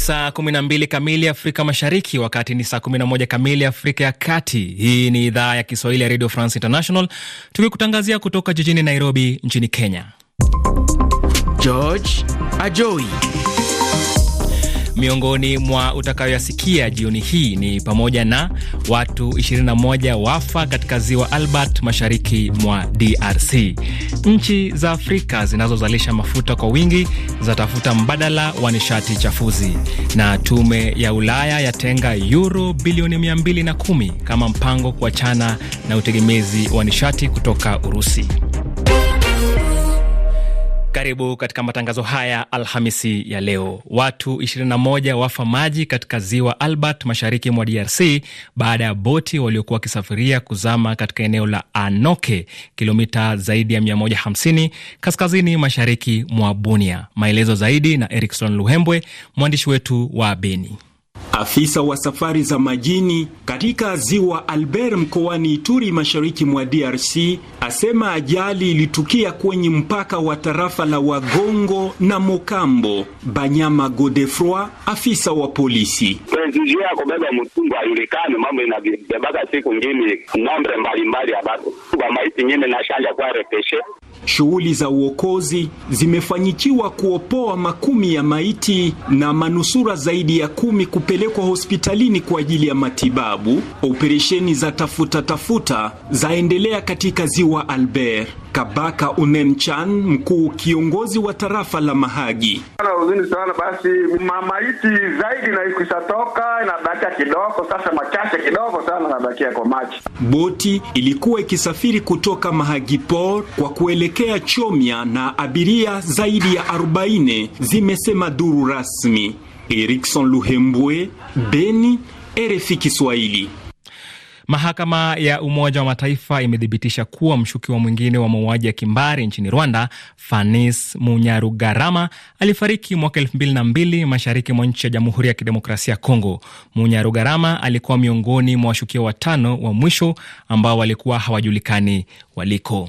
saa 12 kamili Afrika Mashariki, wakati ni saa 11 kamili Afrika ya Kati. Hii ni idhaa ya Kiswahili ya Radio France International, tukikutangazia kutoka jijini Nairobi nchini Kenya. George Ajoi Miongoni mwa utakayoyasikia jioni hii ni pamoja na watu 21 wafa katika ziwa Albert mashariki mwa DRC. Nchi za Afrika zinazozalisha mafuta kwa wingi zatafuta mbadala wa nishati chafuzi, na tume ya Ulaya yatenga yuro bilioni 210 kama mpango kuachana na utegemezi wa nishati kutoka Urusi. Karibu katika matangazo haya Alhamisi ya leo. Watu 21 wafa maji katika ziwa Albert mashariki mwa DRC baada ya boti waliokuwa wakisafiria kuzama katika eneo la Anoke, kilomita zaidi ya 150 kaskazini mashariki mwa Bunia. Maelezo zaidi na Erikson Luhembwe, mwandishi wetu wa Beni. Afisa wa safari za majini katika ziwa Albert mkoani Ituri mashariki mwa DRC asema ajali ilitukia kwenye mpaka wa tarafa la Wagongo na Mokambo. Banyama Godefroi, afisa wa polisi: ya kubeba mtungu mambo inabebaka siku ngine nombre mbalimbali nyine kwa repeshe Shughuli za uokozi zimefanyikiwa kuopoa makumi ya maiti na manusura zaidi ya kumi kupelekwa hospitalini kwa ajili ya matibabu. Operesheni za tafuta tafuta zaendelea katika ziwa Albert. Kabaka Unenchan, mkuu kiongozi wa tarafa la Mahagi: huzuni sana basi, mamaiti zaidi na ikishatoka inabakia kidogo, sasa machache kidogo sana nabakia kwa maji. Boti ilikuwa ikisafiri kutoka Mahagi Port kwa kuelekea Chomia na abiria zaidi ya 40 zimesema duru rasmi. Erikson Luhembwe, Beni, RFI Kiswahili. Mahakama ya Umoja wa Mataifa imethibitisha kuwa mshukiwa mwingine wa mauaji ya kimbari nchini Rwanda, Fanis Munyarugarama, alifariki mwaka elfu mbili na mbili mashariki mwa nchi ya Jamhuri ya Kidemokrasia ya Kongo. Munyarugarama alikuwa miongoni mwa washukiwa watano wa mwisho ambao walikuwa hawajulikani waliko.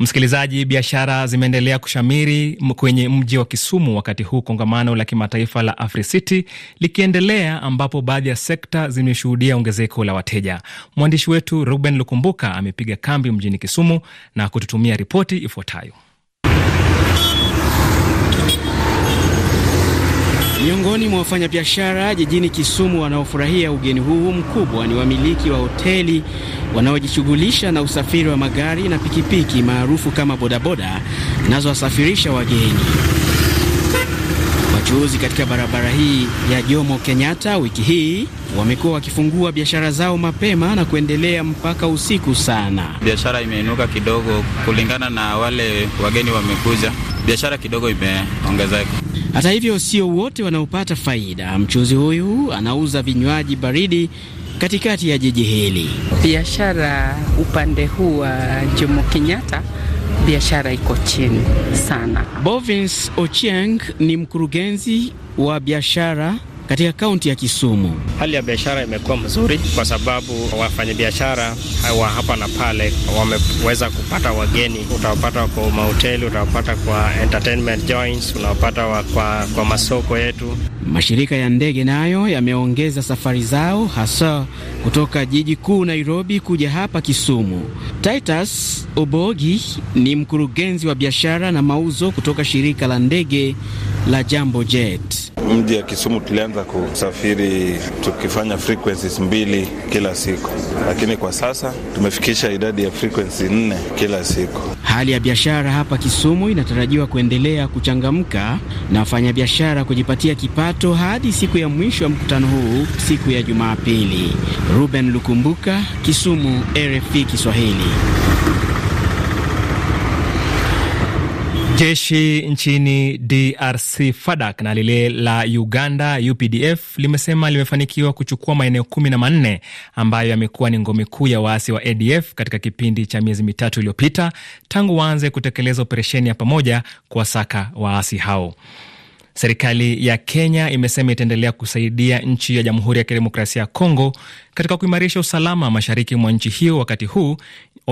Msikilizaji, biashara zimeendelea kushamiri kwenye mji wa Kisumu wakati huu kongamano la kimataifa la AfriCity likiendelea, ambapo baadhi ya sekta zimeshuhudia ongezeko la wateja. Mwandishi wetu Ruben Lukumbuka amepiga kambi mjini Kisumu na kututumia ripoti ifuatayo. Miongoni mwa wafanyabiashara jijini Kisumu wanaofurahia ugeni huu mkubwa ni wamiliki wa hoteli wanaojishughulisha na usafiri wa magari na pikipiki maarufu kama bodaboda zinazowasafirisha wageni. Wachuuzi katika barabara hii ya Jomo Kenyatta wiki hii wamekuwa wakifungua biashara zao mapema na kuendelea mpaka usiku sana. Biashara imeinuka kidogo kulingana na wale wageni wamekuja, biashara kidogo imeongezeka. Hata hivyo, sio wote wanaopata faida. Mchuuzi huyu anauza vinywaji baridi katikati ya jiji hili. Biashara upande huu wa Jomo Kenyatta biashara iko chini sana. Bovins Ochieng ni mkurugenzi wa biashara katika kaunti ya Kisumu. Hali ya biashara imekuwa mzuri kwa sababu wafanyabiashara wa hapa na pale wameweza kupata wageni, utawapata kwa mahoteli, utawapata kwa entertainment joints, unawapata kwa, kwa masoko yetu. Mashirika ya ndege nayo yameongeza safari zao hasa kutoka jiji kuu Nairobi kuja hapa Kisumu. Titus Obogi ni mkurugenzi wa biashara na mauzo kutoka shirika la ndege la Jambo Jet mji ya Kisumu tulianza kusafiri tukifanya frequencies mbili kila siku, lakini kwa sasa tumefikisha idadi ya frequency nne kila siku. Hali ya biashara hapa Kisumu inatarajiwa kuendelea kuchangamka na wafanyabiashara kujipatia kipato hadi siku ya mwisho wa mkutano huu siku ya Jumapili. Ruben Lukumbuka, Kisumu, RFI Kiswahili. Jeshi nchini DRC FADAK na lile la Uganda UPDF limesema limefanikiwa kuchukua maeneo kumi na manne ambayo yamekuwa ni ngome kuu ya waasi wa ADF katika kipindi cha miezi mitatu iliyopita tangu waanze kutekeleza operesheni ya pamoja kuwasaka waasi hao. Serikali ya Kenya imesema itaendelea kusaidia nchi ya Jamhuri ya Kidemokrasia ya Kongo katika kuimarisha usalama mashariki mwa nchi hiyo, wakati huu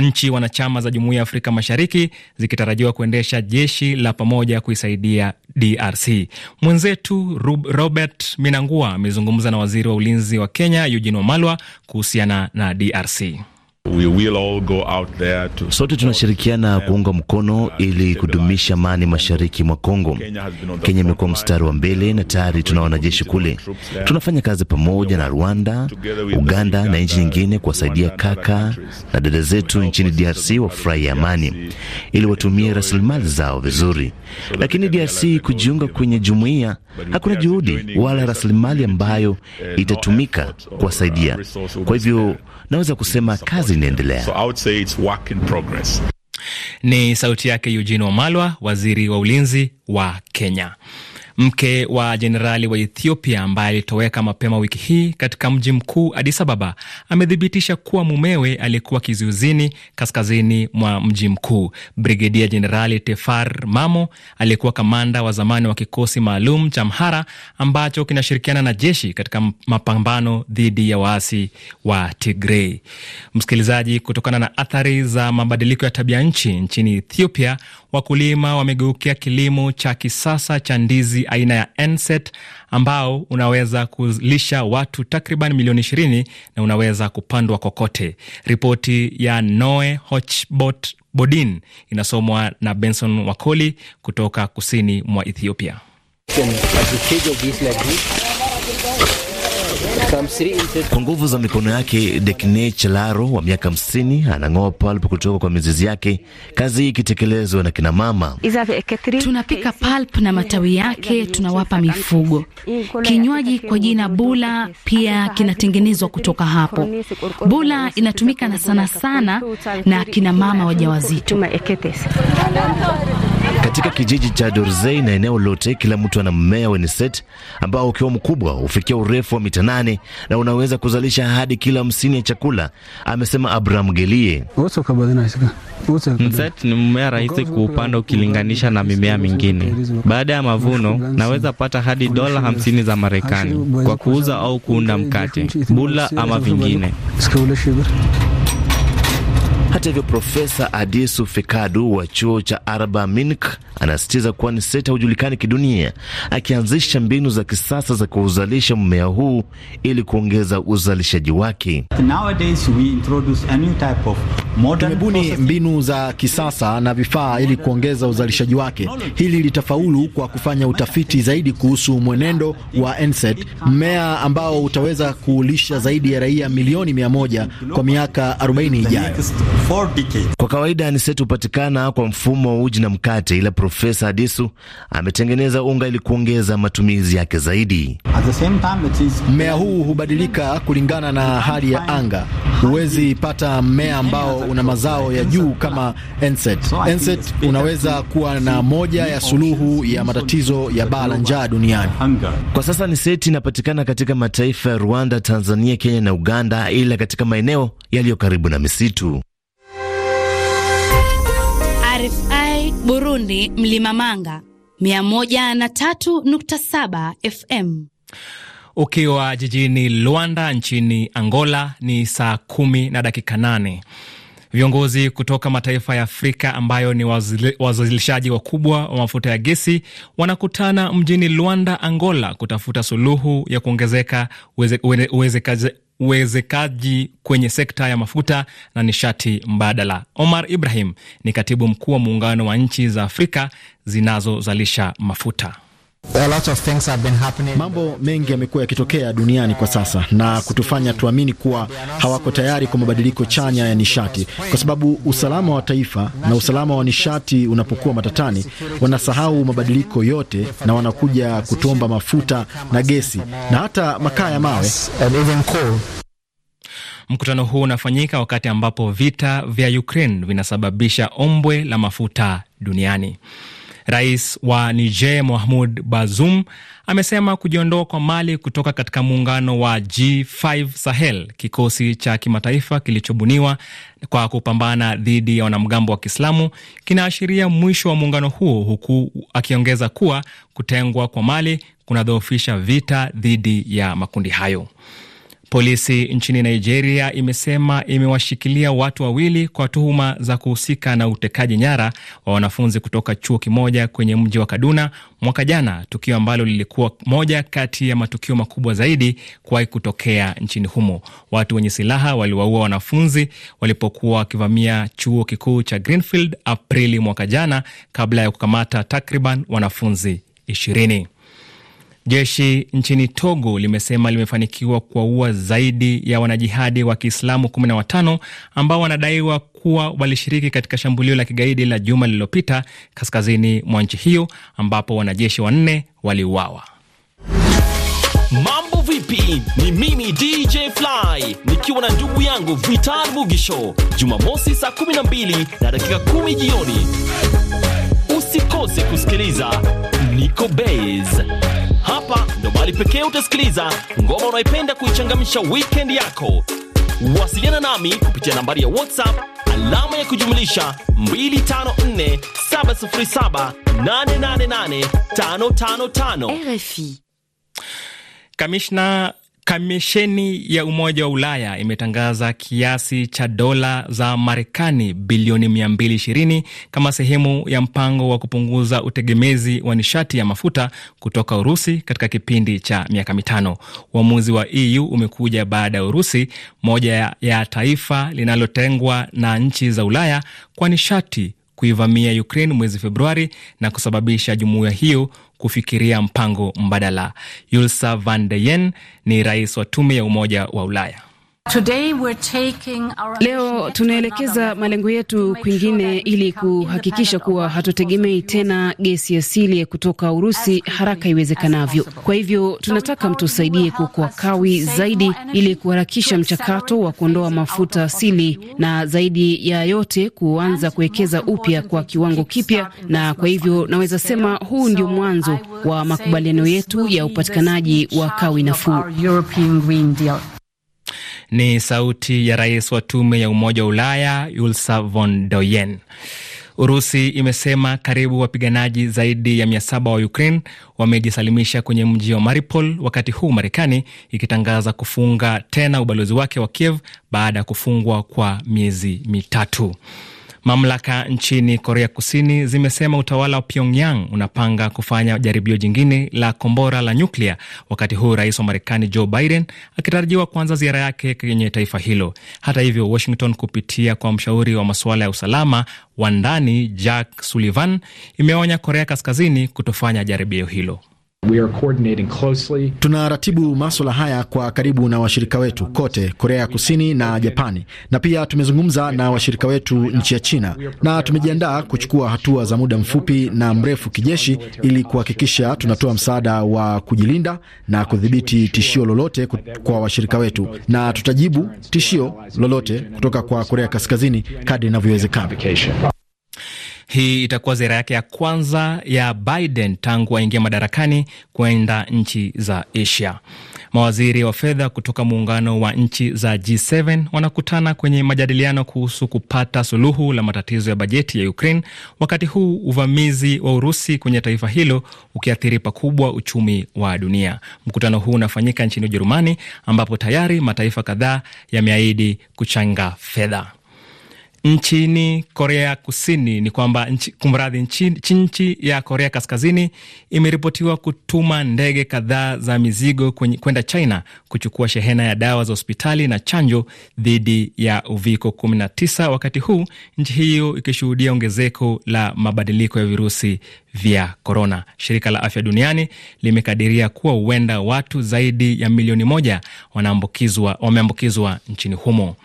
nchi wanachama za Jumuiya ya Afrika Mashariki zikitarajiwa kuendesha jeshi la pamoja kuisaidia DRC. Mwenzetu Robert Minangua amezungumza na waziri wa ulinzi wa Kenya Eugene Wamalwa kuhusiana na DRC. We will all go out there to... sote tunashirikiana kuunga mkono ili kudumisha amani mashariki mwa Kongo. Kenya imekuwa mstari wa mbele na tayari tuna wanajeshi kule. Tunafanya kazi pamoja na Rwanda, Uganda na nchi nyingine kuwasaidia kaka na dada zetu nchini DRC wafurahi amani, ili watumie rasilimali zao vizuri. Lakini DRC kujiunga kwenye jumuiya, hakuna juhudi wala rasilimali ambayo itatumika uh, kuwasaidia. Kwa hivyo naweza kusema kazi zinaendelea. So Ni sauti yake Eugene Wamalwa, waziri wa ulinzi wa Kenya mke wa jenerali wa Ethiopia ambaye alitoweka mapema wiki hii katika mji mkuu Addis Ababa, amethibitisha kuwa mumewe alikuwa kizuizini kaskazini mwa mji mkuu. Brigedia Jenerali Tefar Mamo aliyekuwa kamanda wa zamani wa kikosi maalum cha Amhara ambacho kinashirikiana na jeshi katika mapambano dhidi ya waasi wa Tigrei. Msikilizaji, kutokana na athari za mabadiliko ya tabia nchi nchini Ethiopia wakulima wamegeukia kilimo cha kisasa cha ndizi aina ya Enset ambao unaweza kulisha watu takriban milioni 20 na unaweza kupandwa kokote. Ripoti ya Noe Hochbot Bodin inasomwa na Benson Wakoli kutoka kusini mwa Ethiopia. Kwa nguvu za mikono yake, Dekne Chelaro wa miaka 50 anang'oa pulp kutoka kwa mizizi yake, kazi hii ikitekelezwa na kina mama. Tunapika pulp na matawi yake tunawapa mifugo. Kinywaji kwa jina bula pia kinatengenezwa kutoka hapo. Bula inatumika na sana sana na kina mama wajawazito. Katika kijiji cha Dorzei na eneo lote, kila mtu ana mmea weniset ambao ukiwa mkubwa hufikia urefu wa mita nane na unaweza kuzalisha hadi kilo hamsini ya chakula, amesema Abraham Gelie. Mset ni mmea rahisi kuupanda ukilinganisha na mimea mingine. Baada ya mavuno, naweza pata hadi dola hamsini za Marekani kwa kuuza au kuunda mkate, bula ama vingine. Hata hivyo, Profesa Adisu Fekadu wa chuo cha Arba Minc anasisitiza kuwa ni sekta hujulikani kidunia, akianzisha mbinu za kisasa za kuuzalisha mmea huu ili kuongeza uzalishaji wake. Tumebuni mbinu za kisasa na vifaa ili kuongeza uzalishaji wake. Hili litafaulu kwa kufanya utafiti zaidi kuhusu mwenendo wa NSAID, e mmea ambao utaweza kuulisha zaidi ya raia milioni mia moja kwa miaka 40 ijayo. Kwa kawaida aniseti hupatikana kwa mfumo wa uji na mkate, ila Profesa adisu ametengeneza unga ili kuongeza matumizi yake zaidi. Mmea huu hubadilika kulingana na hali ya anga. Huwezi pata mmea ambao una mazao ya juu kama enset. Enset unaweza kuwa na moja ya suluhu ya matatizo ya baa la njaa duniani. Kwa sasa aniseti inapatikana katika mataifa ya Rwanda, Tanzania, Kenya na Uganda, ila katika maeneo yaliyo karibu na misitu. Burundi, Mlima Manga 103.7 FM. Ukiwa jijini Luanda nchini Angola ni saa kumi na dakika nane. Viongozi kutoka mataifa ya Afrika ambayo ni wazalishaji wakubwa wa mafuta ya gesi wanakutana mjini Luanda, Angola, kutafuta suluhu ya kuongezeka uwezekaji kwenye sekta ya mafuta na nishati mbadala. Omar Ibrahim ni katibu mkuu wa muungano wa nchi za Afrika zinazozalisha mafuta. A lot of things have been happening. Mambo mengi yamekuwa yakitokea duniani kwa sasa na kutufanya tuamini kuwa hawako tayari kwa mabadiliko chanya ya nishati, kwa sababu usalama wa taifa na usalama wa nishati unapokuwa matatani, wanasahau mabadiliko yote na wanakuja kutomba mafuta na gesi na hata makaa ya mawe. Mkutano huu unafanyika wakati ambapo vita vya Ukraine vinasababisha ombwe la mafuta duniani. Rais wa Niger mahmud Bazoum amesema kujiondoa kwa Mali kutoka katika muungano wa G5 Sahel, kikosi cha kimataifa kilichobuniwa kwa kupambana dhidi ya wanamgambo wa Kiislamu, kinaashiria mwisho wa muungano huo, huku akiongeza kuwa kutengwa kwa Mali kunadhoofisha vita dhidi ya makundi hayo. Polisi nchini Nigeria imesema imewashikilia watu wawili kwa tuhuma za kuhusika na utekaji nyara wa wanafunzi kutoka chuo kimoja kwenye mji wa Kaduna mwaka jana, tukio ambalo lilikuwa moja kati ya matukio makubwa zaidi kuwahi kutokea nchini humo. Watu wenye silaha waliwaua wanafunzi walipokuwa wakivamia chuo kikuu cha Greenfield Aprili mwaka jana, kabla ya kukamata takriban wanafunzi ishirini. Jeshi nchini Togo limesema limefanikiwa kuwaua zaidi ya wanajihadi wa Kiislamu 15 ambao wanadaiwa kuwa walishiriki katika shambulio la kigaidi la juma lililopita kaskazini mwa nchi hiyo ambapo wanajeshi wanne waliuawa. Mambo vipi? Ni mimi DJ Fly nikiwa na ndugu yangu Vital Mugisho, Jumamosi saa 12 na dakika 10 jioni, usikose kusikiliza Niko Base. Hapa ndo mahali pekee utasikiliza ngoma unaipenda kuichangamsha wikendi yako. Wasiliana nami kupitia nambari ya WhatsApp alama ya kujumlisha 254 RFI. Kamishna Kamisheni ya Umoja wa Ulaya imetangaza kiasi cha dola za Marekani bilioni 220 kama sehemu ya mpango wa kupunguza utegemezi wa nishati ya mafuta kutoka Urusi katika kipindi cha miaka mitano. Uamuzi wa EU umekuja baada ya Urusi, moja ya taifa linalotengwa na nchi za Ulaya kwa nishati kuivamia Ukraine mwezi Februari na kusababisha jumuiya hiyo kufikiria mpango mbadala. Ursula von der Leyen ni rais wa tume ya Umoja wa Ulaya. Leo tunaelekeza malengo yetu kwingine ili kuhakikisha kuwa hatutegemei tena gesi asili kutoka Urusi haraka iwezekanavyo. Kwa hivyo tunataka mtusaidie kuokoa kawi zaidi ili kuharakisha mchakato wa kuondoa mafuta asili na zaidi ya yote kuanza kuwekeza upya kwa kiwango kipya. Na kwa hivyo naweza sema huu ndio mwanzo wa makubaliano yetu ya upatikanaji wa kawi nafuu. Ni sauti ya rais wa tume ya Umoja wa Ulaya Ursula von der Leyen. Urusi imesema karibu wapiganaji zaidi ya mia saba wa Ukraine wamejisalimisha kwenye mji wa Mariupol, wakati huu Marekani ikitangaza kufunga tena ubalozi wake wa Kiev baada ya kufungwa kwa miezi mitatu. Mamlaka nchini Korea Kusini zimesema utawala wa Pyongyang unapanga kufanya jaribio jingine la kombora la nyuklia, wakati huu rais wa Marekani Joe Biden akitarajiwa kuanza ziara yake kwenye taifa hilo. Hata hivyo, Washington kupitia kwa mshauri wa masuala ya usalama wa ndani Jack Sullivan imeonya Korea Kaskazini kutofanya jaribio hilo. We are coordinating closely. Tunaratibu maswala haya kwa karibu na washirika wetu kote Korea ya Kusini na Japani, na pia tumezungumza na washirika wetu nchi ya China, na tumejiandaa kuchukua hatua za muda mfupi na mrefu kijeshi, ili kuhakikisha tunatoa msaada wa kujilinda na kudhibiti tishio lolote kwa washirika wetu, na tutajibu tishio lolote kutoka kwa Korea Kaskazini kadri inavyowezekana. Hii itakuwa ziara yake ya kwanza ya Biden tangu aingia madarakani kwenda nchi za Asia. Mawaziri wa fedha kutoka muungano wa nchi za G7 wanakutana kwenye majadiliano kuhusu kupata suluhu la matatizo ya bajeti ya Ukraine, wakati huu uvamizi wa Urusi kwenye taifa hilo ukiathiri pakubwa uchumi wa dunia. Mkutano huu unafanyika nchini Ujerumani, ambapo tayari mataifa kadhaa yameahidi kuchanga fedha nchini Korea Kusini ni kwamba nchi, kumradhi, nchi ya Korea Kaskazini imeripotiwa kutuma ndege kadhaa za mizigo kwenda China kuchukua shehena ya dawa za hospitali na chanjo dhidi ya uviko 19, wakati huu nchi hiyo ikishuhudia ongezeko la mabadiliko ya virusi vya korona. Shirika la Afya Duniani limekadiria kuwa huenda watu zaidi ya milioni moja wameambukizwa nchini humo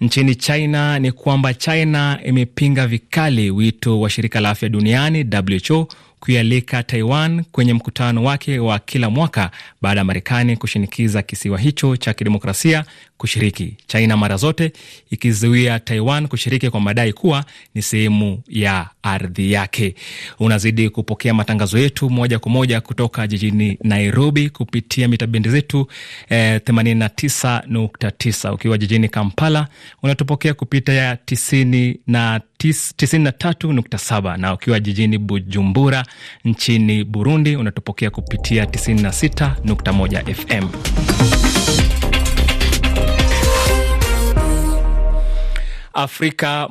nchini China ni kwamba China imepinga vikali wito wa shirika la afya duniani WHO kuialika Taiwan kwenye mkutano wake wa kila mwaka baada ya Marekani kushinikiza kisiwa hicho cha kidemokrasia kushiriki, China mara zote ikizuia Taiwan kushiriki kwa madai kuwa ni sehemu ya ardhi yake. Unazidi kupokea matangazo yetu moja kwa moja kutoka jijini Nairobi kupitia mita bendi zetu eh, 89.9. Ukiwa jijini Kampala unatupokea kupitia 90 na 93.7 na ukiwa jijini Bujumbura nchini Burundi unatupokea kupitia 96.1 FM. Afrika